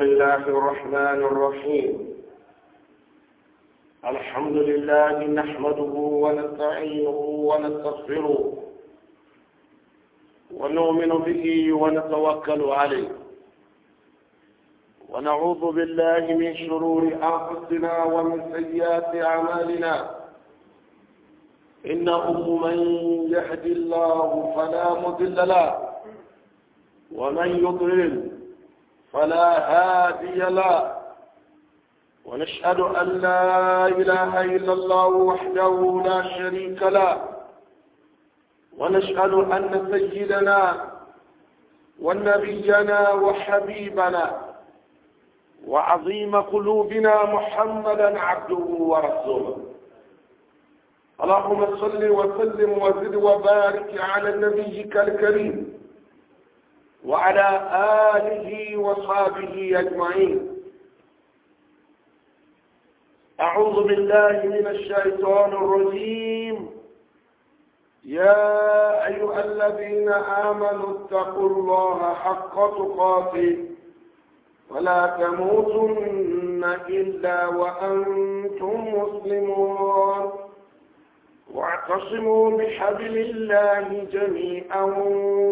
بسم الله الرحمن الرحيم الحمد لله نحمده ونستعينه ونستغفره ونؤمن به ونتوكل عليه ونعوذ بالله من شرور أنفسنا ومن سيئات أعمالنا إنه من يهد الله فلا مضل له ومن يضلل فلا هادي له ونشهد أن لا إله إلا الله وحده لا شريك له ونشهد أن سيدنا ونبينا وحبيبنا وعظيم قلوبنا محمدا عبده ورسوله اللهم صل وسلم وزد وبارك على نبيك الكريم وعلى آله وصحبه أجمعين أعوذ بالله من الشيطان الرجيم يا أيها الذين آمنوا اتقوا الله حق تقاته ولا تموتن إلا وأنتم مسلمون واعتصموا بحبل الله جميعا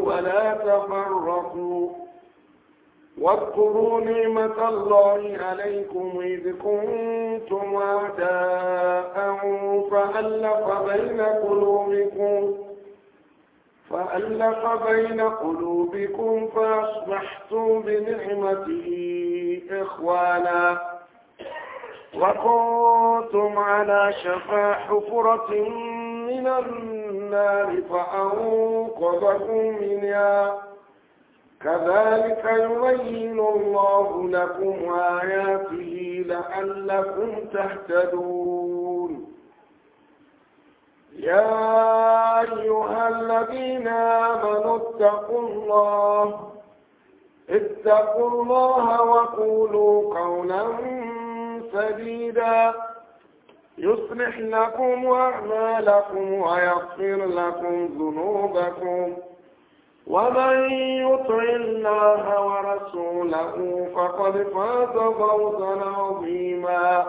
ولا تفرقوا واذكروا نعمة الله عليكم إذ كنتم أعداء فألف بين قلوبكم فألف بين قلوبكم فأصبحتم بنعمته إخوانا وكنتم على شفا حفرة من النار فأنقذكم منها كذلك يبين الله لكم آياته لعلكم تهتدون يا أيها الذين آمنوا اتقوا الله اتقوا الله وقولوا قولا سديدا يصلح لكم أعمالكم ويغفر لكم ذنوبكم ومن يطع الله ورسوله فقد فاز فوزا عظيما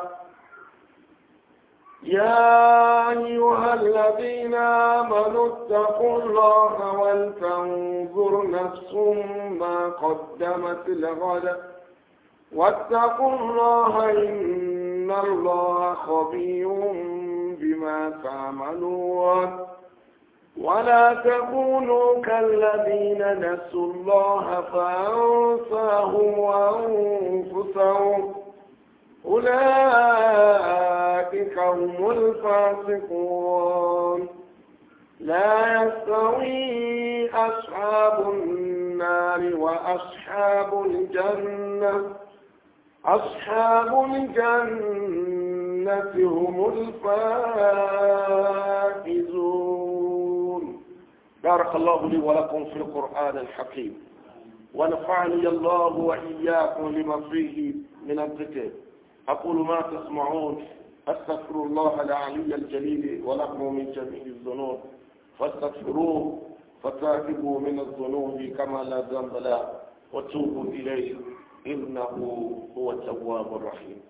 يا أيها الذين آمنوا اتقوا الله ولتنظر نفس ما قدمت لغد واتقوا الله إن الله خبير بما تعملون ولا تكونوا كالذين نسوا الله فأنساهم وأنفسهم أولئك هم الفاسقون لا يستوي أصحاب النار وأصحاب الجنة أصحاب الجنة هم الفائزون بارك الله لي ولكم في القرآن الحكيم ونفعني الله وإياكم لما فيه من الذكر أقول ما تسمعون أستغفر الله العلي الجليل ولكم من جميع الذنوب فاستغفروه فتاتبوا من الذنوب كما لا ذنب له وتوبوا إليه إنه هو التواب الرحيم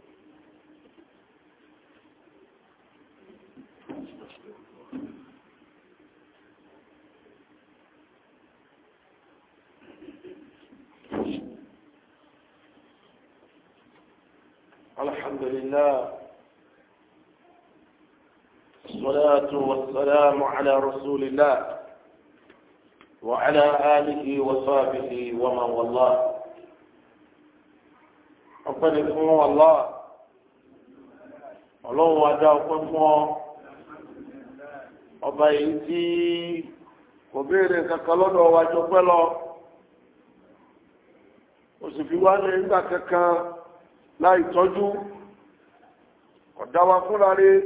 الحمد لله الصلاة والسلام على رسول الله وعلى آله وصحبه ومن والله ọpẹ́ fún ọlá ọlọ́run ajá ọba èyí tí kò bèèrè kankan lọ́dọ̀ pẹ́ lọ sì fi wá nígbà kankan láì tọ́jú ọ̀dá fúnra rẹ̀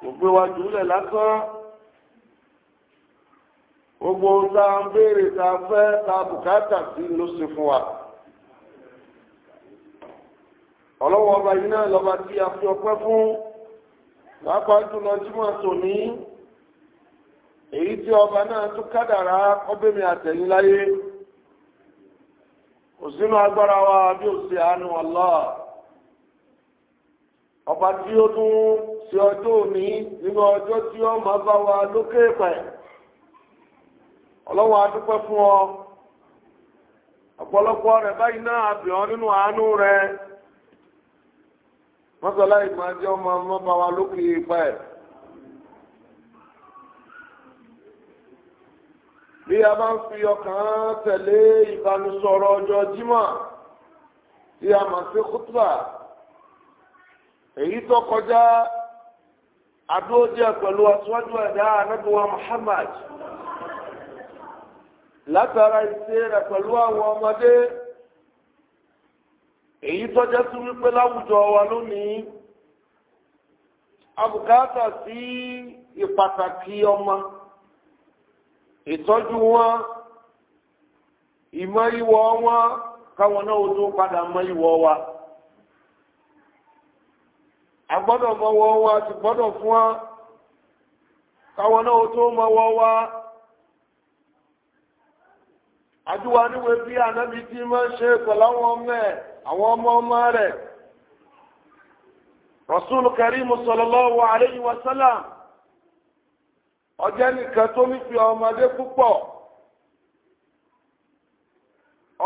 kò gbé wa jùlẹ̀ lásán ọlọ́wọ́ ọba yìí náà lọ́ba tí a fi ọpẹ́ fún pàápàá jùlọ jímọ̀ ní èyí tí ọba náà tó kádàrá ọbẹ̀mí àtẹ̀yìn láyé òsínú agbára wa bí ó àánú ọlọ́ ọba tí ó tún ọjọ́ òní nínú ọjọ́ tí ó máa bá wa lókè pẹ̀ ọlọ́wọ́ adúpẹ́ fún ọ ọ̀pọ̀lọpọ̀ rẹ̀ báyìí náà àbẹ̀ọ́ nínú mọ́sálá ìmájọ́ ọmọ ọmọ bá wa lókè ipa ẹ̀. bí a bá ń fi ọkàn tẹ̀lé ìbánisọ̀rọ̀ ọjọ́ jímọ̀ tí a mọ̀ sí kútùbà èyí tó kọjá adóòjẹ pẹ̀lú aṣíwájú ẹ̀dá anábíwá Muhammad látara ìṣe rẹ̀ pẹ̀lú àwọn ọmọdé. èyí tọ́jẹ́ sí wípé láwùjọ wa lónìí abùkátà sí ìpàtàkì ọmọ ìtọ́jú wọn ìmọ̀ wọn káwọn náà tó padà mọ̀ ìwọ̀ wa a gbọ́dọ̀ wa ti gbọ́dọ̀ fún wa káwọn náà tó mọ̀ wa àjúwa níwèé bí ànábi tí máa ṣe pẹ̀láwọn àwọn ọmọ ọmọ rẹ̀ rasul karimu sallallahu alaihi wa sallam nìkan tó nífẹ̀ẹ́ ọmọdé púpọ̀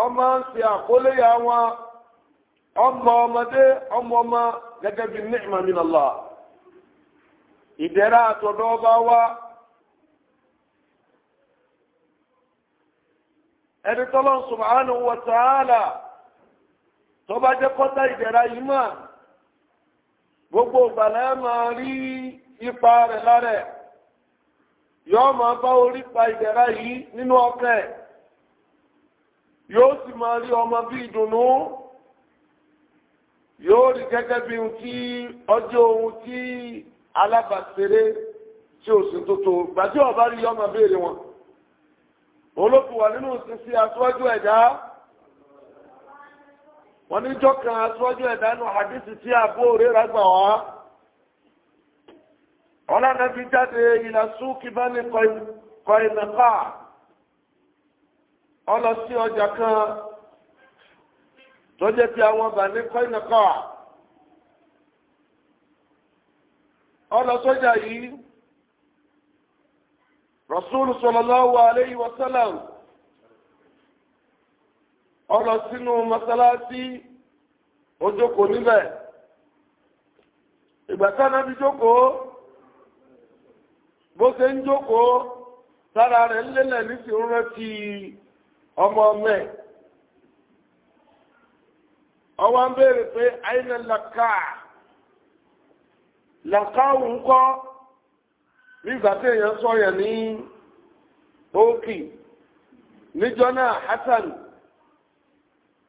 ọmọ ń ṣe àkóléyà wọn ọmọ ọmọdé ọmọ ọmọ gẹ́gẹ́ bí ni'ma min Allah ìdẹ̀ra àtọ̀dọ̀ ọba wa ẹni tọ́lọ́ subhanahu wa ta'ala tó bá jẹ́ kọ́tà ìdẹ̀ra yìí mà gbogbo ìgbàlẹ̀ máa rí ipa rẹ̀ lárẹ̀ yóò máa bá orí pa ìdẹ̀ra yìí nínú ọkẹ́ yóò sì máa rí ọmọ bí ìdùnnú yóò rí gẹ́gẹ́ bí ohun tí ọjọ́ ohun tí alábàṣeré tí ó sì tó tó gbàtí ọba rí ọmọ béèrè wọn olókùwà nínú sísí aṣíwájú ẹ̀dá. wọ́n ní jọ́ kan aṣọ́jú ẹ̀dánù hadisi tí àbú òré rágbà wá ọlọ́nà fi jáde ìlà súnkì bá ní kọ ìnàkà ọlọ sí ọjà kan tó jẹ́ ti àwọn bà ní kọ ìnàkà ọlọ sọ́jà yìí Rasul sallallahu alayhi wa ó lọ sínú mọ́sálásí ó jókòó níbẹ̀ ìgbà táwọn ẹbí jókòó bó ṣe ń jókòó sára rẹ̀ lélẹ̀ ní sí ń rántí ọmọ ọmọ ẹ̀ ọwọ́ ń béèrè pé àìnà làkà làkà òun kọ́ nígbà tí èèyàn sọ sọ̀yàn ní òkì níjọ́ náà Hassan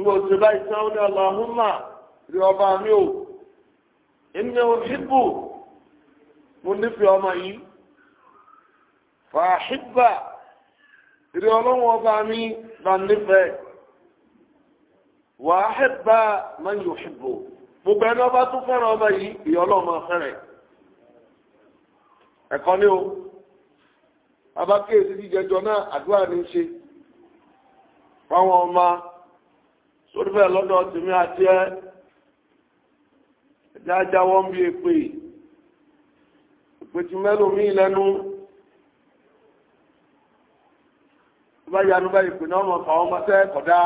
ngbà òtù báyìí tí wọ́n ní Allahumma rí ọba mi ò inú òhìbù mo nífẹ̀ẹ́ ọmọ yìí fàáhìbà rí ọlọ́wọ́ ọba mi bá nífẹ̀ẹ́ wàáhìbà man yuhibbu gbogbo ẹni ọba tó fẹ́ràn ọmọ yìí ìyọ́ ọlọ́mọ fẹ́rẹ̀ ẹ̀kọ́ ni o abákéèsì jíjẹjọ náà àdúrà ní í ṣe fáwọn ọmọ torí bẹ́ẹ̀ lọ́dọ̀ tèmi àti ẹ́ dájá wọ́n bí èpè t'i mẹ́lò mí lẹ́nu bá yanu bá ìpè náà mọ̀ fàwọn ọmọ tẹ́ kọ̀dá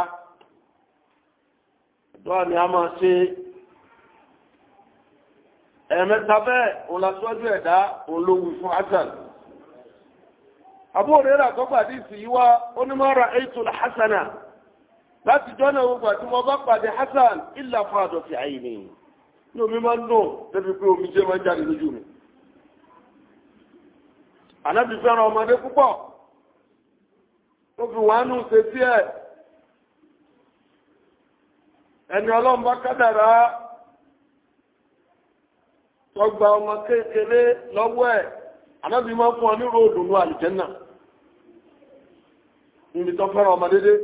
dọ́wà ni a máa ṣe ẹ̀mẹ́ta bẹ́ẹ̀ òun la sọ́jú ẹ̀dá òun ló wù fún hasan Abu Hurairah àkọ́gbà dìsì yíwá onímọ̀ọ́ra hasana láti jọ́nà gbogbo àti mo bá pàdé Hassan ilà fàdọ̀ fi àyè ni ní omi máa ń dùn débi pé omi jẹ́ máa ń jáde lójú mi ànábì fẹ́ràn ọmọdé púpọ̀ ó fi wàánù ṣe sí ẹ̀ ẹni ọlọ́run bá kádàrá tọgbà ọmọ kékeré lọ́wọ́ ẹ̀ ànábì máa fún ọ ní ròdùnú àlùjẹ́nà níbi tó fẹ́ràn ọmọdédé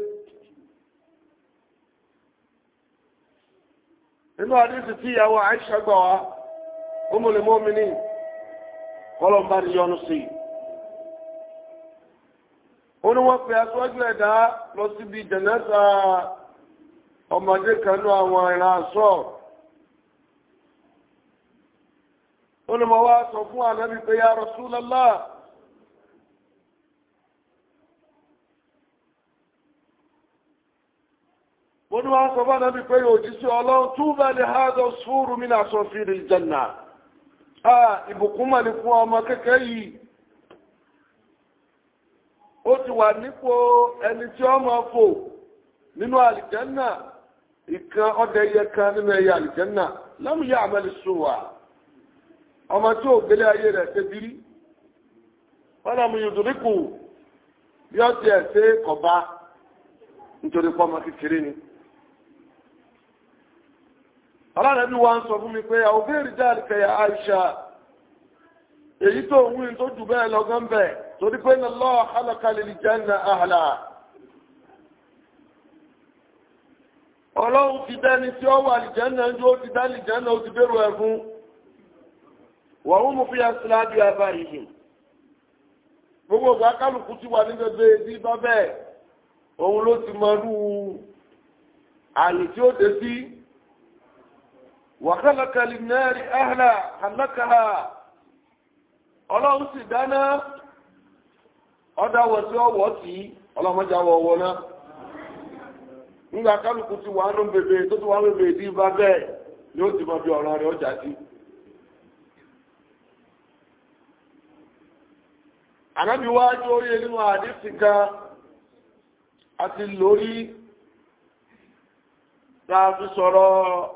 nínú àdísì tí ìyàwó Àìṣà gbà wá Ummul Mu'minin kọlọmbà ní yọnu sí ó ní wọ́n pè aṣọ́jú ẹ̀dá lọ síbi jẹ̀nẹ́sà ọmọdé kanú àwọn ìran àṣọ ó ní mo wá sọ fún Ànábì pé ya Rasulullah ó ní wọ́n sọ bá náà pé òjísí ọlọ́run túbà ní hádọ́ sùúrù mí náà sọ kuma rí jẹ́nà ìbùkún mà ní fún ọmọ yìí ó ti wà nípò ẹni tí ọmọ fò nínú àlìjẹ́nà ìkan ọdẹ kan nínú ẹyẹ àlìjẹ́nà lámúyà àmẹ́lì sùwà ọmọ tí ò gbélé ayé rẹ̀ ṣe bírí te lámú yòdùríkù bí ti ẹ̀ ṣe nítorí pọ́ ọmọ aláàrẹ́bí wa ń sọ fún mi pé àwọn obìnrin jáde kẹyà Aisha èyí tó ń wí tó jù bẹ́ẹ̀ lọ́gán bẹ̀ torí pé ní lọ́ọ̀ alákalẹ̀ ìjẹ́nà àhàlà ọlọ́run ti dẹ́ni tí ó wà lìjẹ́nà ń jó ti dá lìjẹ́nà ó ti bẹ̀rù ẹ̀ fún mú fi وخلق للنار أهلا خلقها ọlọ́run sì dáná ọdáwọ̀ tí ọwọ́ tí ọlọ́mọjáwọ̀ náà nígbà ti wà nù bèbè tó ti wà nù bèbè ni ó ti bí ọ̀rọ̀ rẹ̀ ọjà sí. ànábi wá orí nínú àti lórí fi sọ̀rọ̀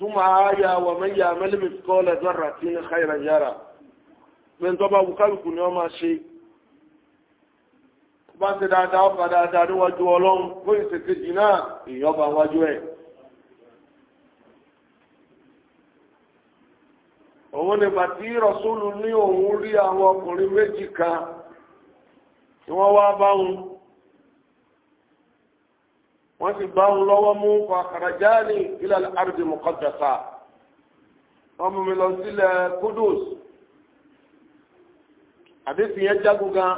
ثم آيا ومن يعمل مثقال ذرة خيرا يرى من طبعا وكالكم يوم شيء bá ti dáadáa ọ̀pá dáadáa níwájú ọlọ́run fún ìsìnkejì náà ìyọba wájú ẹ̀. òun ni bàtí rọ̀súlù ní òun rí àwọn ọkùnrin méjì kan tí wọ́n wá bá wọn wọ́n sì bá ń lọ́wọ́ mú fàkàràjáàlì ilẹ̀ àrùdì mọ̀kọ́dàsá wọ́n mú mi lọ sílẹ̀ kudus àdéhùn yẹn jágun gan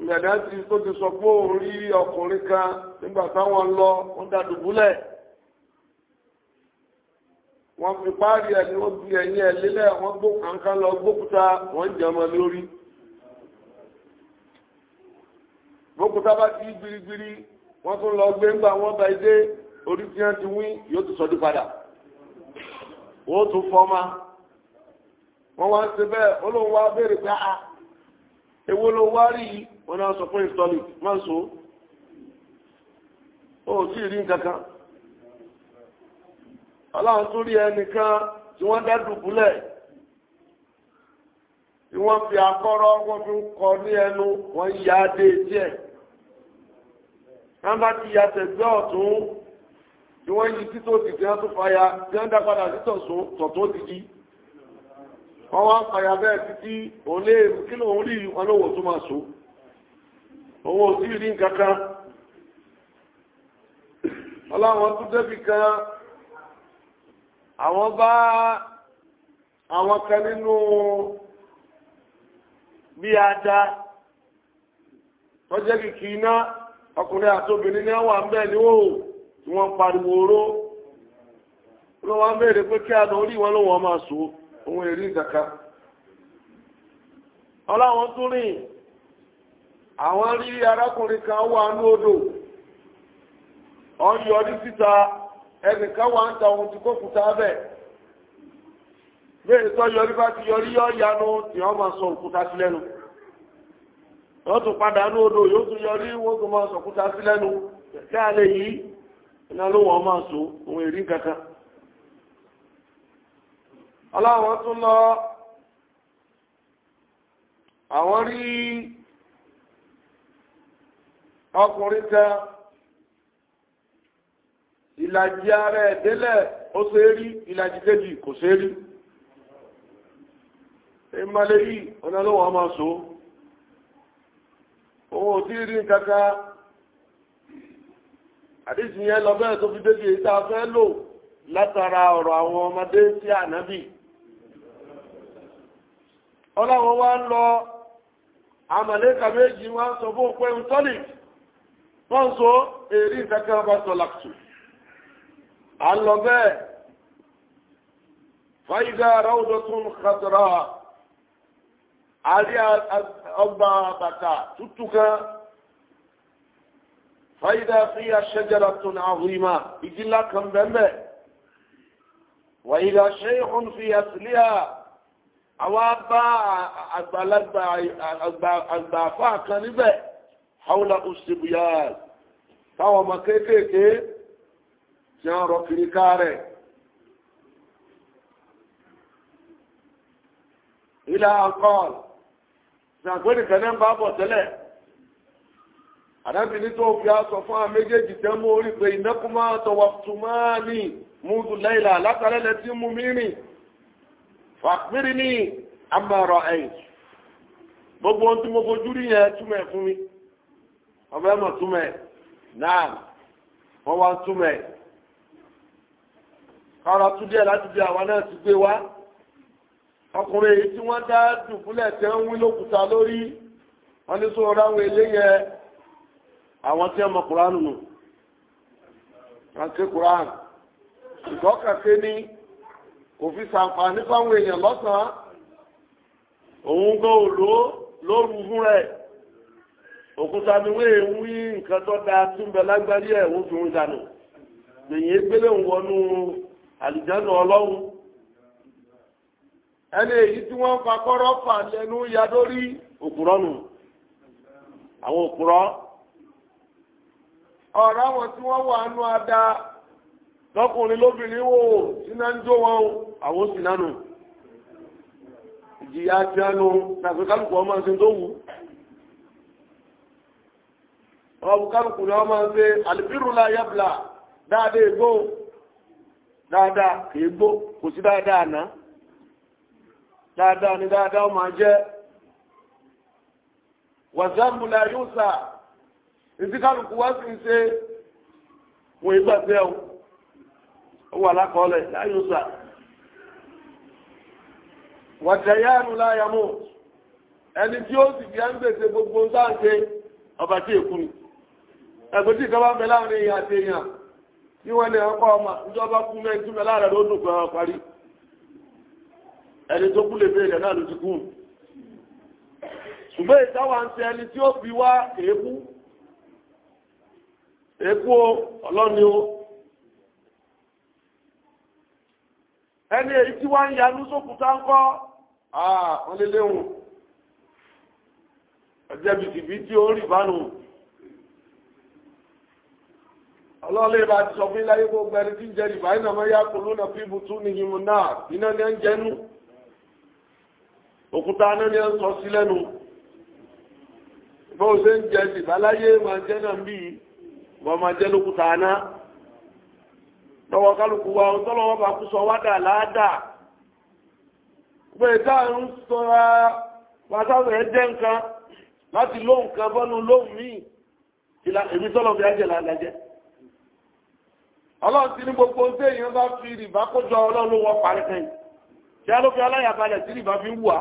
ìyàdá ti tó ti sọ pé òun rí ọkùnrin kan nígbà táwọn lọ ń da dùbúlẹ̀ wọ́n fi páàrí ẹ̀ ni wọ́n fi ẹ̀yìn ẹ̀ lélẹ̀ wọ́n gbó kankan lọ gbókúta wọ́n jẹ́ ọmọ lórí. bókútà bá ti gbirigbiri wọ́n tún lọ gbé ńgbà wọ́n bá dé orí tí wọ́n ti wín yóò tún sọdún padà wọ́n tún fọ́mà wọ́n wá ń ṣe bẹ́ẹ̀ olóhùn wá béèrè pé a ah, èwo ló wá rí i wọ́n náà sọ fún ìsọ̀lì má so ó sì rí nǹkan kan ọlọ́run tún rí ẹnìkan tí wọ́n dá dùbúlẹ̀ tí wọ́n fi akọ́rọ́ wọ́n fi ń kọ ní ẹnu wọ́n yá dé díẹ̀ wọ́n bá ti ya tẹ̀gbẹ́ ọ̀tún tí wọ́n yí títò ti fi hàn tó fàyà tí wọ́n dá padà sí tọ̀tún tọ̀tún ti jí wọ́n wá ń fàyà bẹ́ẹ̀ títí òun lè kí ló tó máa kìkì náà ọkùnrin àti obìnrin ní àwọn àmbẹ́ tí wọ́n pariwo oró ló wá mẹ́rẹ̀ pé kí àdán orí wọn lóhun máa sọ ohun èrí ìdàkà ọláwọn tún rìn àwọn rí arákùnrin kan wà ní odò ọyọ ní síta ẹnìkan wà ń ta ohun tí wọ́n tún padà ní odò yóò tún yọrí wọ́n tún máa sọ̀kúta sí lẹ́nu kẹ́kẹ́ alẹ́ yìí iná ló wọ́n máa so òun èrí kankan. aláwọ̀ tún lọ àwọn rí ọkùnrin kan ìlàjì ara ẹ̀ ṣe rí ìlàjì òun ò tí ì rí kankan àdéhùn yẹn lọ bẹ́ẹ̀ tó fi débi èyí tá a fẹ́ lò látara ọ̀rọ̀ àwọn ọmọdé sí ànábì wá ń lọ àmàlẹ́kà méjì wá ń sọ fún èrí bá sọ làkùtù à ń lọ bẹ́ẹ̀ ráwùdọ́tún kàtàrà àrí ọgbà bàtà tútù kan fàyídà fi àṣẹjára tó ní àhùrìmà igi ńlá kan bẹ́ẹ̀ wàyídà ṣe ìhùn fi àtìlíà àwọn bá àgbàlagbà kan níbẹ̀ haúlà òṣèbùyà táwọn ọmọ kéékèèké tí wọ́n rọ kiri rẹ̀ إلى أن ṣàgbéni kẹ́lẹ́ ń bá bọ̀ tẹ́lẹ̀ àdábìnrin tó fi aṣọ fún àwọn méjèèjì tẹ́ mú orí pé ìnákùnmá tọwọ́ tùmáà ní múdù lẹ́yìnlá tí mi ní àmàrọ̀ ẹ̀yìn gbogbo ohun tí mo fojú rí yẹn fún mi náà wọ́n ọkùnrin èyí tí wọ́n dá dùbúlẹ̀ tẹ́ ń wí lókùta lórí wọ́n ní sọ ọ̀rọ̀ àwọn eléyẹ àwọn tí ọmọ kùránù nù àti ní kò fi sàǹfà nípa àwọn èèyàn lọ́sàn òun gan òló lóru fún rẹ̀ òkúta ni wọ́n èé wí nǹkan tó ẹni èyí tí wọ́n ń fa kọ́rọ́ fà lẹ́nu ya lórí òkúrọ́ nù àwọn òkúrọ́ ọ̀rọ̀ àwọn tí wọ́n wà nù ada lọ́kùnrin lóbìnrin wò síná ń wọn àwọn sì nánú ìjìyà tí a nù tàbí kálukú ọmọ ẹsẹ̀ tó wù ọ bụ ni ọmọ ẹsẹ̀ àlùfírùlà yabla dáadé ègbó dáadáa kò sí dáadáa dáadáa ni dáadáa ó máa jẹ́ wàzámùlà yóò sà ìsíkàlùkù wá sí ṣe wọ́n ìgbà tí ẹ̀ ó wà lákọọ́lẹ̀ láyò sà wàjẹ̀yánu láyàmú ẹni tí ó sì fi ẹ́ńgbèsè gbogbo sáàṣe ọba tí èkú ni ẹgbẹ́ tí ìjọba mẹ́láàrin àti èèyàn tí wọ́n lè ọkọ̀ ọmọ ìjọba kú ẹni tó kú lè bẹ́ẹ̀ kẹ́ náà ló ti kú ṣùgbọ́n ìtawà ń ṣe ẹni tí ó fi wá èébú èébú ọlọ́ni o ẹni èyí tí wá ń yanú sókúta ń kọ́ àà wọ́n lé léhùn tí ó rí ìbánu ọlọ́lẹ́ bá ti sọ fún iláyé gbogbo tí ń jẹ ìbáyé yá kò lónà fíbùtú ní himu náà ẹ òkúta náà ni ó ń sọ sí lẹ́nu bó ṣe ń jẹ sí báláyé máa jẹ́ náà bí wọ́n máa jẹ́ lókúta náà lọ́wọ́ kálukú wa tọ́lọ́wọ́ bá kú sọ wádà láádàá pé táà ń sọra pàtàkì ẹ̀ jẹ́ nǹkan láti ló nǹkan bọ́nu lóhùn míì èmi tọ́lọ̀ fi rìbá kójọ ọlọ́run ló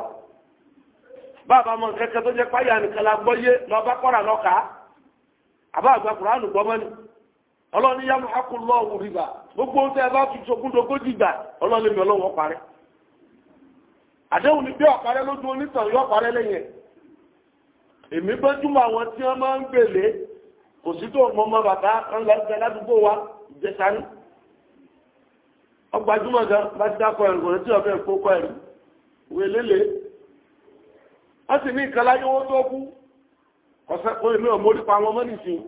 bàbá mọ kẹkẹ tó jẹ páyà nìkan la gbọ́ yé lọ́ba kọ́ra lọ́ka àbá àgbà kùránù gbọ́ mọ́ni ọlọ́ni yá mu hakùn lọ́wọ́ rìbá gbogbo ń tẹ́ ẹ bá fi sokúndogójì gbà ọlọ́ni mi ọlọ́wọ́ parẹ́ àdéhùn ni bí ọ̀parẹ́ lójú onítàn yọ ọ̀parẹ́ lẹ́yìn èmi gbẹ́júmọ̀ àwọn tí wọ́n máa ń gbèlé kò sí tó mọ ọmọ bàbá kan lọ́gbẹ́ ládùúgbò wa ìjẹta ní ọgbàjúmọ̀ gan bá ti dákọ̀ ẹ̀rù kò wọ́n sì ní nǹkan láyé wọ́n tó kú ọ̀sẹ̀ kó èmi ò mórí pa wọn mọ́ nìsín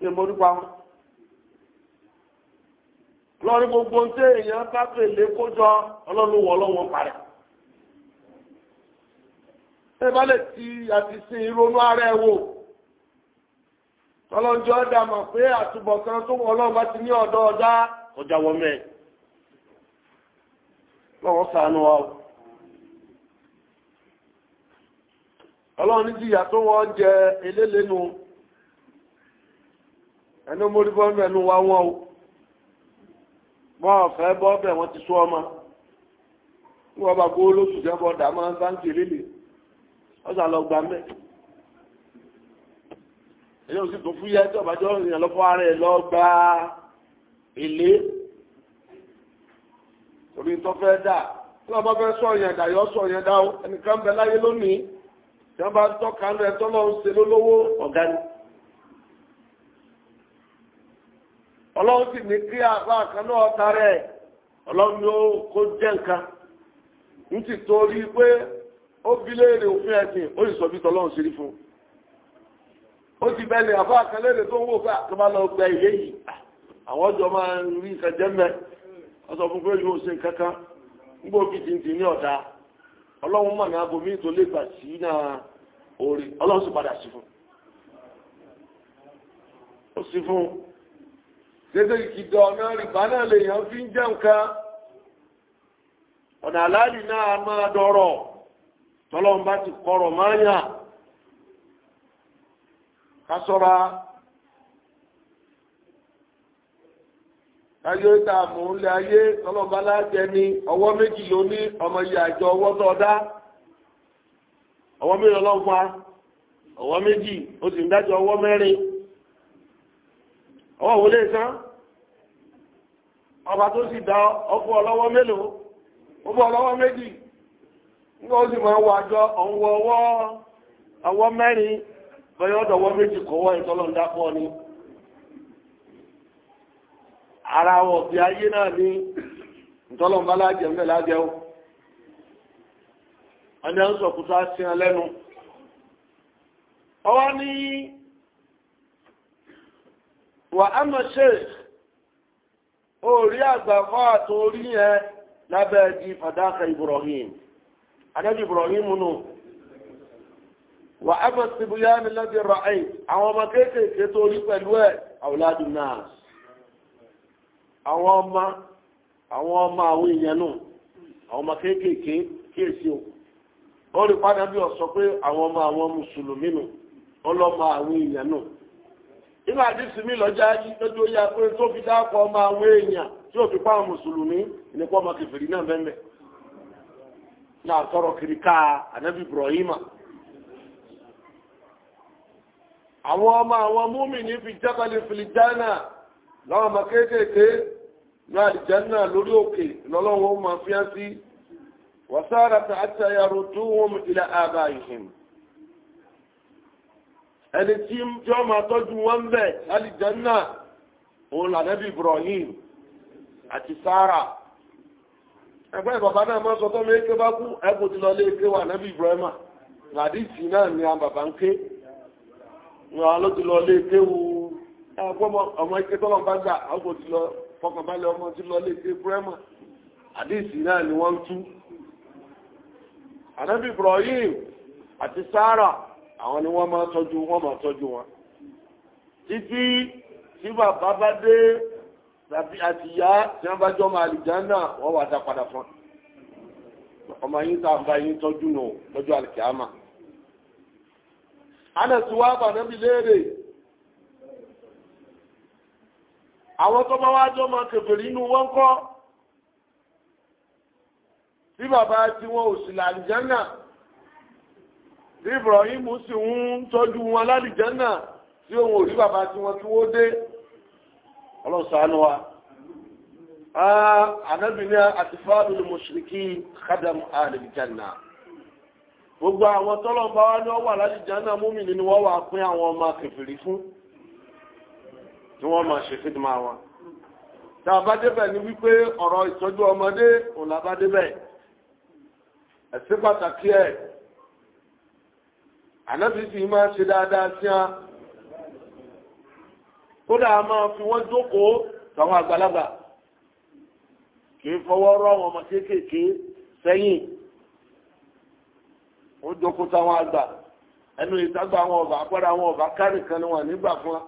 ní mórí pa wọn. lọ́rí gbogbo ń tẹ́ èèyàn bá pè lé kójọ ọlọ́run wọ̀ ọlọ́run parẹ́. ẹ bá lè ti àti sin ìrònú ara ẹ wò tọ́lọ́njọ́ dà mọ̀ pé àtúbọ̀tán tó wọ́n ọlọ́run bá ti ní ọ̀dọ́ ọ̀dá ọjà wọ́n mẹ́ẹ̀. lọ́wọ́ sànú wa o. ọlọ́run ní jìyà tó wọ́n jẹ elélénu ẹni mórí bọ́ọ̀nù ẹnu wa wọn o mọ́ ọ̀fẹ́ bọ́ọ̀bẹ̀ wọn ti sọ ọmọ ní wọ́n bá gbó lóṣù jẹ́ bọ́ọ̀dà máa ń sáńkì líle ọ̀sà lọ gbà mẹ́ èyí ò sì tó fúyẹ́ tí ọ̀bájọ́ ìrìnà lọ́fọ́ ara ẹ̀ lọ gba èlé torí tó fẹ́ dà tí wọ́n bá fẹ́ sọ ìyẹn dà yọ sọ ìyẹn dà ẹnìkan bẹ láyé lónìí tí wọ́n bá ń tọ́ka ń rẹ tọ́lọ́ ń ọlọ́run sì ní kí àbá náà tarẹ̀ ọlọ́run ló kó jẹ́ nǹkan ń sì torí pé ó bí léèrè òfin ẹ̀sìn ó sì sọ bí rí fún un. ó ti bẹ́ẹ̀ lè àbá léèrè tó ń wò pé ah, lọ gba ìwé yìí ah, àwọn ọjọ́ máa ń rí ọlọ́run mọ̀ ní aago mi tó lè gbà sí náà orí ọlọ́run sì padà sí fún ó sì fún gẹ́gẹ́ ìkìdọ̀ ọ̀nà rìbá náà fi ń jẹ́ ọ̀nà náà máa tọ́lọ́run bá ti ayé tá a mú lé ayé ọlọ́ba lájẹ ní ọwọ́ méjì ló ní ọmọ yìí àjọ ọwọ́ tó dá ọwọ́ méjì ọlọ́fà ọwọ́ méjì ó sì ń dájọ ọwọ́ mẹ́rin ọwọ́ wo lè sán ọba tó sì dá ọkọ ọlọ́wọ́ mélòó ó bọ́ ọlọ́wọ́ méjì nígbà ó sì máa wọ àjọ ọwọ́ ọwọ́ mẹ́rin ni. ara wọ̀ bí ayé náà ní ìtọ́lọ̀mbá lájẹ̀ mẹ́ lájẹ̀ ó sọ kùsà sí ọ lẹ́nu ọwá ní wà orí àgbàkọ́ lábẹ́ di Ibrahim adẹ́bí Ibrahim nù wà á mọ̀ síbúyá mi lẹ́bí ra'ayi àwọn ọmọ kéékèèké tó rí pẹ̀lú ẹ̀ àwùládùn náà àwọn ọmọ àwọn ọmọ àwọn èèyàn nù àwọn ọmọ kéékèèké kíyèsí o ó rí padà bí ó sọ pé àwọn ọmọ àwọn mùsùlùmí nù ọlọ́mọ àwọn èèyàn nù nínú àdísì mi yí lójú pé tó fi dáàkọ ọmọ àwọn èèyàn tí ó fi pa àwọn mùsùlùmí nípa ọmọ kẹfìrí náà bẹ́ẹ̀ kiri ká láwọn ọmọ kéékèèké ní àlìjánà lórí òkè lọ́lọ́wọ́ máa fi á sí wàsára ta àti àyàrò tó wọ́n ilẹ̀ àbá ìhìn ẹni tí ó máa tọ́jú wọn bẹ̀ àlìjánà òun lànàbí Ibrahim àti Sára ẹgbẹ́ ìbàbá náà máa sọ tó bá kú ti lọ lé wà Ibrahim ọmọ ọmọ ike tọ́lọ̀ bá gbà ọkọ̀ ti lọ fọkànbalẹ̀ ọmọ ti lọ lé ike púrẹ́mà àdéhìsì náà ni wọ́n ń tú ànábì Ibrahim àti Sára àwọn ni wọ́n máa tọ́jú wọ́n máa tọ́jú wọn títí tí bàbá bá dé tàbí àtìyá tí wọ́n bá jọ máa àlìjánà wọ́n wà dá padà fún ọmọ yín tá à ń bá yín tọ́jú nù lọ́jọ́ àlìkíámà. Anas wá bànábì léèrè àwọn tó bá wájọ́ máa kèfèrè inú wọn kọ́ tí bàbá tí wọn ò sì làlìjánà tí Ibrahim sì ń tọ́jú wọn lálìjánà tí òun ò rí bàbá tí wọn tí wọ́n dé ọlọ́sàánú wa anábìnrin àti fáwọn mùsùlùmí kádàm àlìjánà gbogbo àwọn tọ́lọ̀ bá wá ní ọwà lálìjánà múmi nínú wọ́n wà pín àwọn ọmọ kèfèrè fún tí wọ́n máa ṣe fídímà wọn. tá a bá débẹ̀ ni wípé ọ̀rọ̀ ìtọ́jú ọmọdé òun la bá débẹ̀ ẹ̀sìn pàtàkì ẹ̀ ànábì sì máa ṣe dáadáa sí wọn kódà a máa fi wọ́n jókòó tàwọn àgbàlagbà kì í fọwọ́ rọ́ wọn ọmọ kéékèèké sẹ́yìn ó jókòó táwọn àgbà ẹnu ìtagbà àwọn ọba àpárá àwọn ọba kárìkan ni wọn nígbà fún wa.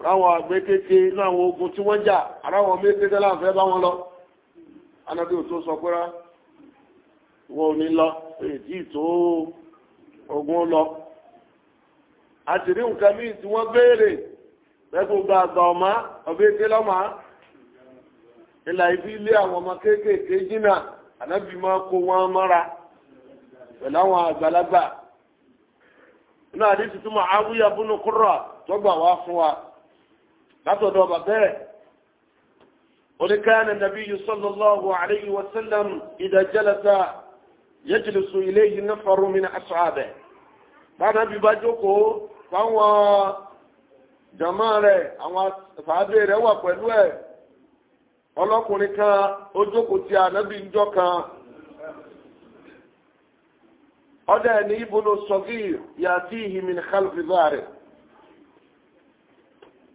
ráwọn àgbẹ̀ kéèké láwọn ogun tí wọ́n jà aráwọn méjèèjì láàfẹ́ bá wọn lọ anábí ò tó sọ pé rá wọn ò ní lọ èdè tó ogun lọ àtìrí nǹkan míì tí wọ́n béèrè pẹ́kù gba àgbà ọ̀má ibi ilé àwọn ọmọ kéékèèké jìnnà ànábì máa kó wọn mọ́ra pẹ̀lú àwọn àgbàlagbà náà àdìsí túmọ̀ àwúyà búnú tó gbà wá látọ̀dọ̀ bàbá ẹ̀ oníkáyánà nàbí sallallahu alayhi wa sallam idha jalasa yajlisu ilayhi nafaru min ashabihi bára bí bá jókòó fáwọn jàmá rẹ̀ àwọn fàábé rẹ̀ wà pẹ̀lú ẹ̀ ọlọ́kùnrin kan ó jókòó ti ànábì ńjọ́ kan yàtí ìhìmìn khalfi zárẹ̀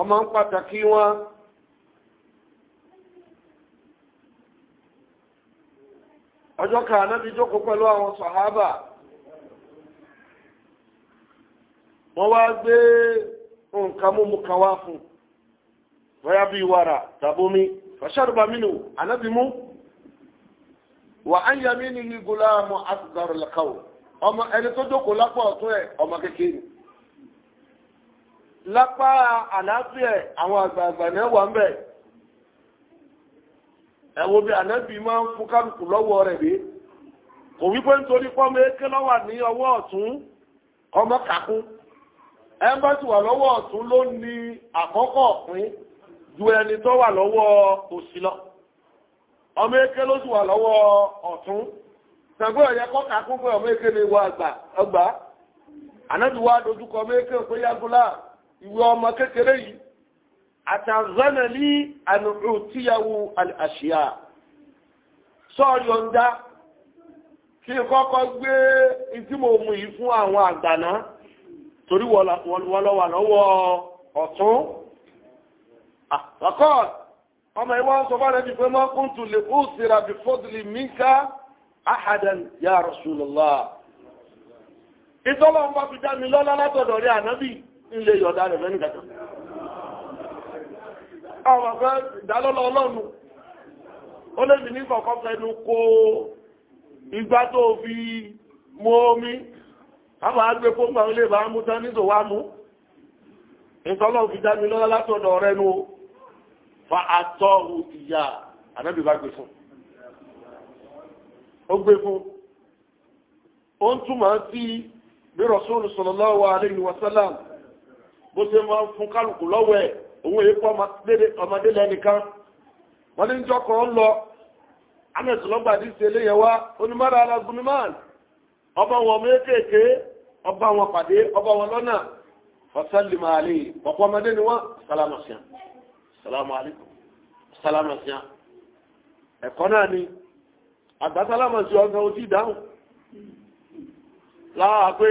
ọmọ ń pàtàkì wọn ọjọ́ kan Ànábì jókòó pẹ̀lú àwọn sàhábà wọ́n wá gbé nǹkan múmu kan wá fún bóyá bí wàrà tàbómi fàṣàrùbà mínú Ànábì mú wà á yà mí ní gúlámù asghar al-qawl ọmọ ẹni tó jókòó lápá ọ̀tún ẹ̀ ọmọ kékeré lápá àlàáfíà àwọn àgbààgbà náà wà ń bẹ̀ ẹ̀wọ̀n bí ànábì máa ń fún kálukú lọ́wọ́ rẹ̀ rí kò wípé nítorí pọ́mọ eke lọ́wà ní ọwọ́ ọ̀tún ọmọ kàkún ẹ̀ńbàtì wà lọ́wọ́ ọ̀tún ló ní àkọ́kọ́ ọ̀pin ju ẹni tó wà lọ́wọ́ òsì lọ ọmọ eke ló sì wà lọ́wọ́ ọ̀tún sàgbé ọ̀yẹ́ kọ́ kàkún pé ọmọ eke ni wọ àgbà ànábì wá dojúkọ ọmọ eke pé yágúláà ìwé ọmọ kékeré yìí àtàzánàlí ànùkù tíyàwó àṣìyà sọ́ọ̀rì ọ̀ǹda kí n kọ́kọ́ gbé ìdímọ̀ òmù yìí fún àwọn àgbàná torí wọ́n lọ wà lọ́wọ́ ọ̀tún àkọ́kọ́ ah, ọmọ ìwọ́n sọ bá rẹ̀ bí pé mọ́ kúntù lè kú síra bí fọ́dùlì ya rasulullah ìtọ́lọ́ ń bá fi dá mi lọ́lá látọ̀dọ̀ rí ànábì ilé yọ̀dá rẹ̀ lẹ́nu kàtà ọ bụ ìdálọ́lọ́ ọlọ́nu ó lè mi ní kọ̀ọ̀kan fẹnu kó igbá tó fi mú omi àwọn àgbẹ̀ fóńgbà ilé bá mú tán nítò wá mú ìtọ́lọ́ fi dá mi lọ́lá látọ̀dọ̀ rẹ̀ fa àtọ́ ìyá ànábì bá gbé fún ó gbé fún ó ń bó ṣe máa ń fún kálukú lọ́wọ́ ẹ̀ òun èyí pọ̀ ọmọdé lẹ́nìkan wọ́n ní ń jọkọ̀ ń lọ amẹ́sùlọ́gbà ní ṣe lé yẹn wá onímọ̀ra alágúnimán ọba wọn méjèèké ọba wọn pàdé ọba wọn lọ́nà fasalima ọ̀pọ̀ ọmọdé ni wọ́n salamasiyan salamu alaykum salamasiyan ẹ̀kọ́ náà ni àgbà salamasiyan ọ̀gá ojú ìdáhùn láà pé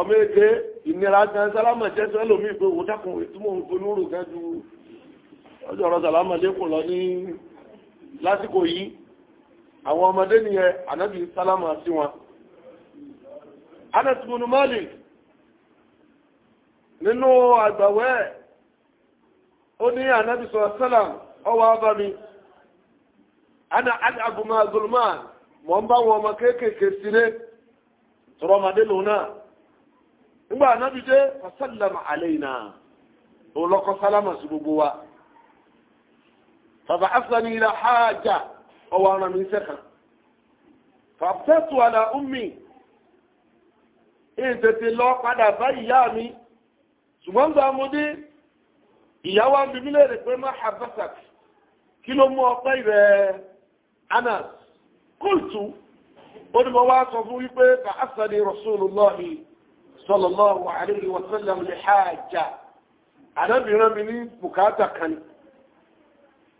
ọmọ èké ìnira gan sálámà jẹ́ sọ lómi pé òun dákun ìtumọ̀ onúrò gan ju ọjọ́ ọ̀rọ̀ sálámà lẹ́kùn lọ ní lásìkò yìí àwọn ọmọdé nìyẹn ànábì sálámà sí wọn. Anas bin Malik nínú àgbàwẹ́ ó ní ànábì sọ asala ọwọ́ abami ana adàbùmá zulman ń bá wọn ọmọ kéékèèké sílé tọrọ nígbà anábì dé fasálàmà àlẹ́yìnà olọ́kọ́ sálámà sí gbogbo wa bàbá asani ilà hájà ọwọ́ ara mi sẹ́kà fàbẹ́tù àlà ummi èyí tètè lọ padà bá ìyá mi ṣùgbọ́n gbà mo dé ìyá wa ń bi mí léèrè pé má habasak kí ló mú ọpẹ́ ìrẹ́ anas kóòtù ó ní mo wá sọ fún wípé bàá sani rasulullahi sallallahu alayhi wa sallam lè hájà àdábìrán mi ní bùkátà kan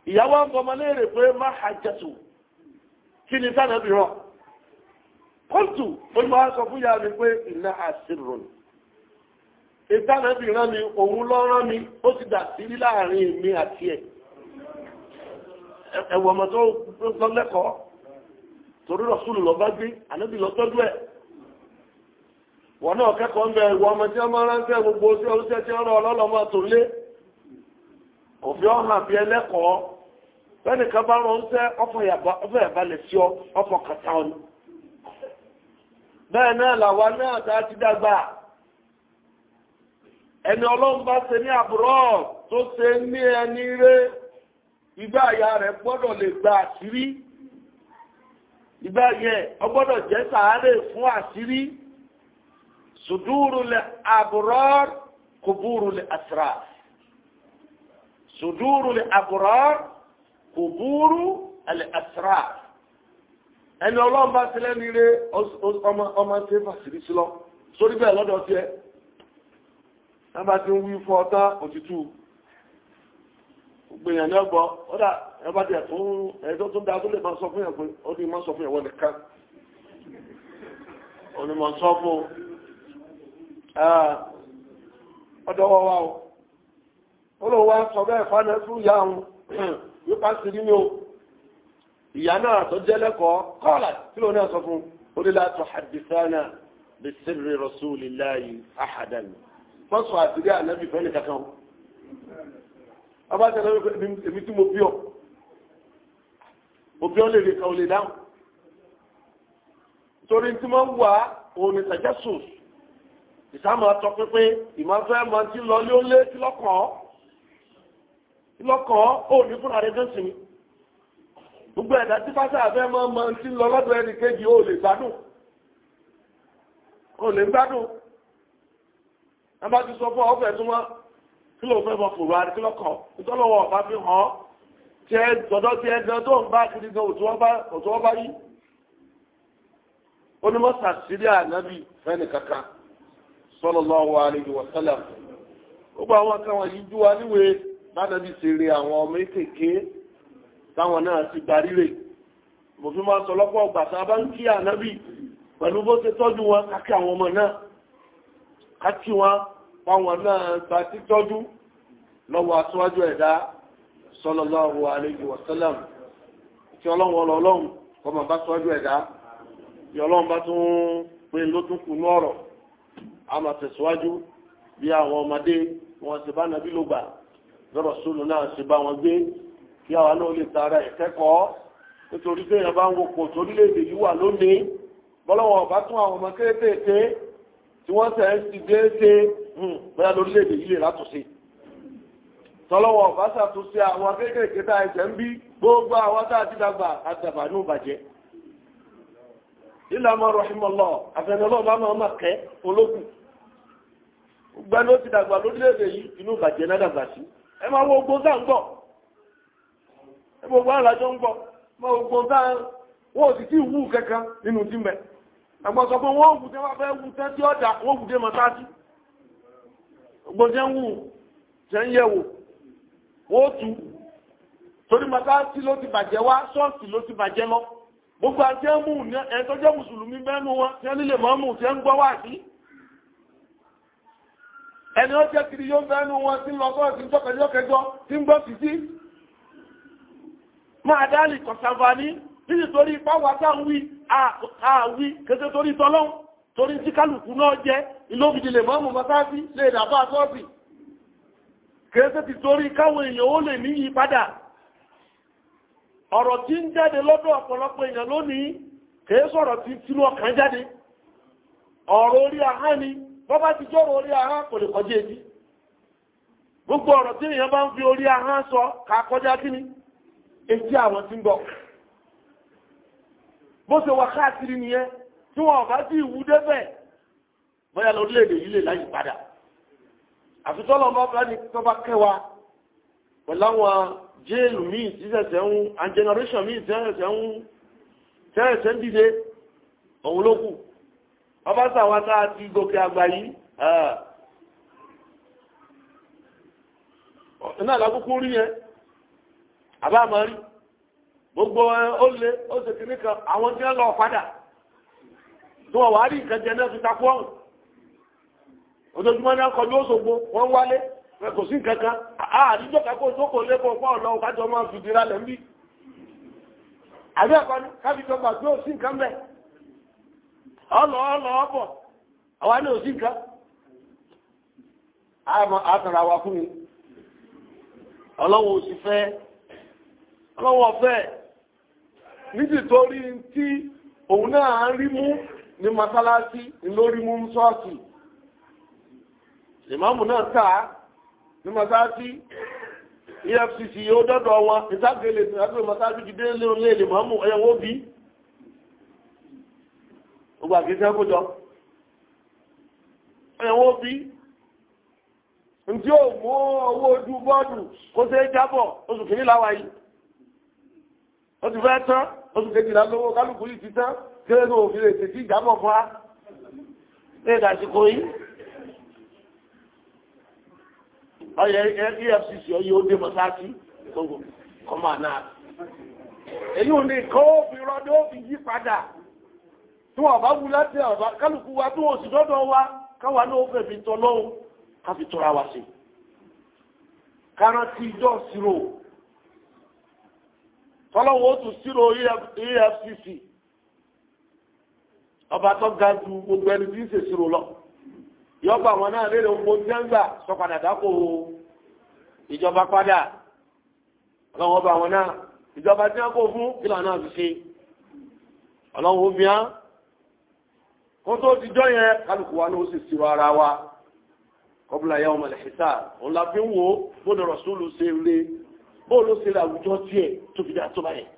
ìyàwó ọmọ léèrè pé má hajjatu kí ni sáàdábìrán kọ́ntù ó máa sọ fún ìyá mi pé ìlà àṣírùn ìtànàbìrán mi òun lọ́rán mi ó ti dà sí láàrin mi àti ẹ̀ ẹ̀wọ̀n tó lọ́lẹ́kọ̀ọ́ torí Rasulullah wọn náà kẹ́kọ̀ọ́ ń bẹ ìwọ ọmọ tí ọmọ ránṣẹ́ gbogbo tí ọrúṣẹ́ tí ọlọ́lọ́mọ tó lé òfin ọ̀hàn ẹlẹ́kọ̀ọ́ bá rán sí ọ ọfọ̀ kàtà ọ̀nà bẹ́ẹ̀ náà làwa náà a ti dàgbà ẹni ọlọ́run bá ṣe ní àbúrò tó ṣe ní ẹni ré ìgbà àyà rẹ̀ gbọ́dọ̀ lè gba àṣírí sùdúrù lẹ àbúrọ́r kùbúrù lẹ àsìrà sùdúrù lẹ àbúrọ́r kùbúrù lẹ àsìrà ẹni ọlọ́run bá tilẹ̀ nílé ọmọ ọmọ tí ń fàṣírí sí lọ sórí bẹ́ẹ̀ lọ́dọ̀ tiẹ̀ náà bá ti ń wí fún ọtá òtítù gbogbo èèyàn ní ọgbọ ọdà ẹbá tí ẹtún ẹjọ tó dáa tó lè máa sọ fún yàn pé ó ní máa sọ fún yàn wọn nìkan ó ní máa sọ fún un. Ah, ọ̀dọ̀wọ̀ wa o olówó sọ bẹ́ẹ̀ fánà fún ìyá òun nípa sí nínú ìyá náà tó jẹ́ lẹ́kọ̀ọ́ kọ́ọ̀lá tí lóun náà sọ fún orílẹ̀ àtọ̀ hadithana lè sirri rasulillahi ahadan wọ́n torí tí wọ́n wà òun ní tajassus ìsámọ̀ ọ̀tọ̀ pínpín ìmọ̀fẹ́ mọ̀ tí lọ lé ó lé tí lọ́kàn lọ́kàn ó ní fúnra rẹ̀ tó sì ní gbogbo ẹ̀dá tí pásá àfẹ́ mọ́ mọ́ tí lọ lọ́dọ̀ ẹni kejì ó lè gbádùn ó lè gbádùn ẹbá ti sọ fún ọ̀fẹ́ tó wọ́n kí ló fẹ́ mọ́ fòrò àti lọ́kàn ìtọ́lọ́wọ́ ọ̀bá fi hàn tí ẹ tọ́dọ́ tí ẹ dán tó ń bá kiri gan òtún ọba yìí onímọ̀ sàṣírí ànábì fẹ́ni kankan sallallahu alaihi wa gbogbo àwọn kan wọ̀nyí jú wa níwèé bánàbí ṣe rí àwọn ọmọ èkèké táwọn náà ti gba rírè mo fi máa sọ lọ́pọ̀ bá ń kí ànábì pẹ̀lú bó ṣe tọ́jú wọn kákí àwọn ọmọ náà kákí wọn sallallahu alaihi wa tí ọlọ́run ọlọ́run a máa tẹ̀síwájú bí àwọn ọmọdé wọn ṣe bá nàbí ló gbà lọ́rọ̀ sólù náà ṣe bá wọn gbé kí àwa náà lè tara ìkẹ́kọ̀ọ́ nítorí pé èèyàn bá ń wopò torílẹ̀-èdè yìí wà lónìí bọ́lọ́wọ́ ọ̀bá tún àwọn ọmọ kéékèèké tí wọ́n tẹ̀ ń ti dé ṣe bóyá lórílẹ̀-èdè yìí lè látúnṣe tọ́lọ́wọ́ ọ̀bá ṣàtúnṣe àwọn kéékèèké tá ẹ̀jẹ̀ ń bí gbogbo àwọn tá a ti dàgbà àdàbà ní ìbàjẹ́ ìlànà rahimallah àfẹnulọ́ bá máa máa kẹ́ ológun gbẹni ó ti dàgbà lórílẹ̀-èdè yìí inú ìbàjẹ́ náà dàgbà sí ẹ máa wo ogun sáà ń gbọ́ ẹ máa wo alájọ ń gbọ́ máa wo ogun sáà wọ́n ò sì tí wú kankan nínú tí mẹ́ ẹgbọ́n sọ pé wọ́n wù tẹ́ wá fẹ́ wù tẹ́ tí gbogbo àti ẹ̀mú ẹ̀ mùsùlùmí mẹ́nu wọn tí wọ́n nílé mọ́mù tí wọ́n ń gbọ́ sí ẹni ó jẹ́ kiri yóò fẹ́nu wọn tí lọ sọ́rọ̀ tí ń tọ́kẹjọ́ kẹjọ́ tí ń gbọ́ sí sí máa dáàlì kọ̀sàvà ní títí torí pàwàtà ń wí àwí kété torí tọ́lọ́ torí tí kálùkù náà jẹ́ ìlóbìdìlẹ̀ mọ́mù mọ́sáàfí lè dàbà sọ́ọ̀bì kété ti torí káwọn èèyàn ó lè ní ìpadà ọ̀rọ̀ tí ń jáde lọ́dọ̀ ọ̀pọ̀lọpọ̀ èèyàn lónìí kèé sọ̀rọ̀ tí tinú ọkàn jáde ọ̀rọ̀ orí ahá ni bọ́bá ti jọ́rọ̀ orí ahán kò lè kọjá etí gbogbo ọ̀rọ̀ tí èèyàn bá ń fi orí ahán sọ ká kí ni etí àwọn tí ń bọ̀ bó ṣe wà káàkiri nìyẹn tí wọn bá sí ìwú débẹ̀ bóyá lórílẹ̀-èdè yìí lè láyé padà àfitọ́lọ́ ọmọ ọba ní tọ́ba kẹwàá ọba sàwọn a ti gòkè àgbà yìí na lákòókò rí yẹn àbá rí gbogbo ó lé kan àwọn tí lọ padà tí wọ́n wá rí nǹkan jẹ náà fi takú ọ̀hún ojoojúmọ́ ní akọjú Òṣogbo wọ́n wálé kò sí nǹkan àdíjọ́ kakó tó kò lẹ́kọ̀ọ́ ọlọ ọlọ ọbọ̀ àwa náà sí nǹkan àtàrà wa fún mi ọlọ́wọ́ òsì fẹ́ ọlọ́wọ́ fẹ́ tí òun náà rí mú ní masalasi lórí mú sọ́ọ̀sì ìmáàmù náà ta ní efcc yóò dọ́dọ̀ wọn ìtàgé lè olè gbogbo àgbẹ̀sẹ̀ kó jọ ẹ̀wọ́ bí ǹdí ò mú owó ojú bọ́ọ̀dù kó ṣe é jábọ̀ oṣù kìíní láwa yìí oṣù fẹ́ tán oṣù kejìlá lówó kálukú yìí ti tán kí ló ń fi lè tètè ìjábọ̀ fún wa ní ìdásíkò yìí ọyẹ EFCC ọyẹ ó dé mọ́sáàtì kọ́mọ̀ náà èyí ò ní kọ́ òfin rọ́dọ̀ òfin yí padà tí wọ́n bá wú láti ọ̀dọ̀ kálukú wa tí wọ́n sì dọ́dọ̀ wa káwa náà fẹ̀mí tọ́lọ́hún ká fi tọ́ra wa sí kárántì ìjọ sírò tọ́lọ́wọ́ ó tún sírò EFCC ọba tó ga ju gbogbo ẹni tí ń ṣe sírò lọ yọgbà wọn náà lérè gbogbo jẹ́ngbà sọ dákò ìjọba padà ọlọ́wọ́ bá wọn náà ìjọba tí fún kí làwọn ọlọ́wọ́ bí kó tó ti jọ yẹn kálukú wa ló sì sírò ara wa kọ́bùlà yà ọmọ ẹ̀lẹ́sà òun la fi ń wo bóde rọ̀súlù ṣe lé bóòló ṣe lè àwùjọ tiẹ̀ tó fi dá tó báyẹn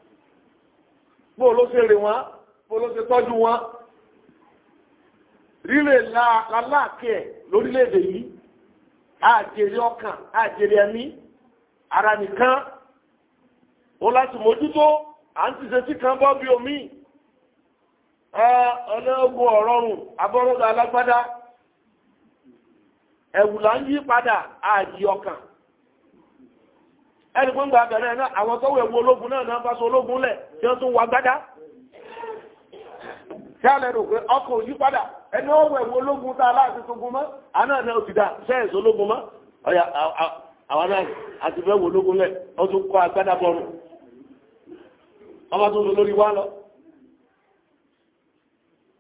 bóòló ṣe wọn bóòló ṣe tọ́jú wọn rírè láláàkẹ́ lórílẹ̀‐èdè yìí àjèrè ọkàn àjèrè ẹ̀mí ara nìkan ó láti mójútó à ń kan bọ́ bí omi ọlọ́gbọ́ ọ̀rọ̀rùn abọ́rọ̀dọ̀ alágbádá ẹ̀wùlà ń yí padà ààjì ọkàn ẹni pé ń bẹ̀rẹ̀ náà àwọn tọ́wọ́ ológun náà náà bá so ológun lẹ̀ tí ó tún wà gbádá a pé ọkọ̀ òyí padà ẹni ọwọ́ ẹ̀wù ológun tá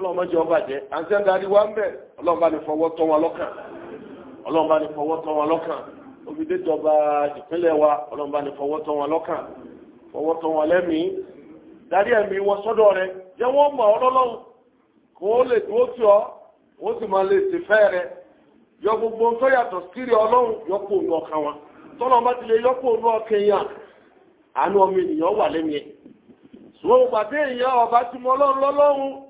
ọlọ́mọdé ọba jẹ́ àti ẹ̀dárí ń bẹ̀ ọlọ́mọba ní fọwọ́ tọ́ wọn lọ́kàn ní fọwọ́ wọn lọ́kàn jọba ìpínlẹ̀ wa ní fọwọ́ wọn lọ́kàn fọwọ́ wọn lẹ́mìí darí ẹ̀mí wọn sọ́dọ̀ rẹ jẹ́ wọ́n mọ̀ ọlọ́lọ́hùn o lè dúró tì ọ́ o sì máa lè sì fẹ́ rẹ yọ gbogbo tó yàtọ̀ sírí ọlọ́hùn yọpọ̀ òun ọkàn wọn ti lè yọpọ̀ òun ọkàn yàn àánú ọmọ ènìyàn wà lẹ́mìí ẹ̀ èèyàn ọba ti mọ ọlọ́run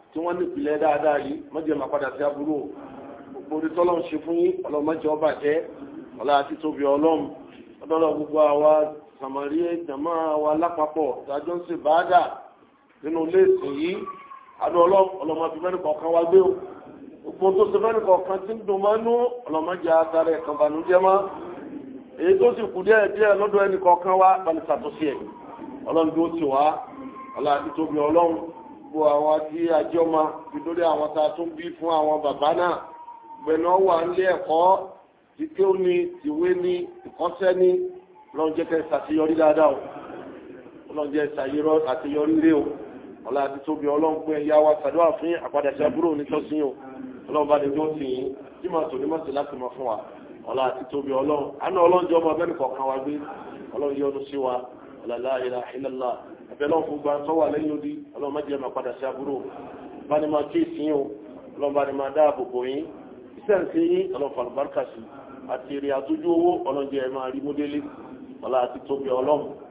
tí wọ́n ní ìpìlẹ̀ dáadáa yìí mọ́jẹ́ máa padà sí aburú gbogbo orí tọ́lọ́ ń ṣe fún yín ọlọ́mọjẹ́ ọba jẹ́ ọlá àti tóbi ọlọ́run ọdọ́lọ́ gbogbo àwa sàmàrí ìjàmá wa lápapọ̀ ìdájọ́ ń ṣe báádà nínú léèsì yìí adó ọlọ́mọ fi mẹ́rin kọ̀ọ̀kan wá gbé o gbogbo tó ṣe mẹ́rin kọ̀ọ̀kan tí ń dùn máa nú ọlọ́mọjẹ́ àtàrẹ kànbànújẹ́ mọ́ èyí tó sì kù díẹ̀ díẹ̀ lọ́dọ̀ ẹnì kọ̀ọ̀kan wá pàlẹ́ ṣàtúnṣe ẹ̀ ọlọ́run tó ti wá ọlá àti tóbi ọlọ́run gbogbo àwọn tí àjọ ma nítorí àwọn tá a tún bí fún àwọn bàbá náà gbẹ̀nà wà nílé ẹ̀kọ́ ti ké ó ní tìwé ní ìkọ́sẹ́ ní lọ́njẹ́ kẹ́ ṣàṣeyọrí dáadáa o lọ́njẹ́ ṣàyẹ̀rọ àṣeyọrí rẹ o ọ̀la àti tóbi ọlọ́ngbọ́n ẹ̀yà wa ṣàdúrà fún àpadàṣà búrò nítòsí o ọlọ́ba ni yóò sì yín tí màá tò ní màá sì láti máa fún wa ọ̀la àti tóbi ọlọ́run àná ọlọ́njọ́ ọmọ abẹ́nìkọ̀ọ̀kan wa gbé ọlọ́run yọ́nú sí wa ọ̀la láìláìláìlá àbẹ̀lọ́wọ́ fún gba tọ́wà lẹ́yìn odi ọlọ́run má jẹ́ máa padà sí aburú bá ní máa kíyè sí yín o ọlọ́run bá ní máa dáàbò bò yín iṣẹ́ yín ọlọ́run sí àti èrè àtújú owó ọlọ́run jẹ́ máa rí mú ọlá àti tóbi ọlọ́run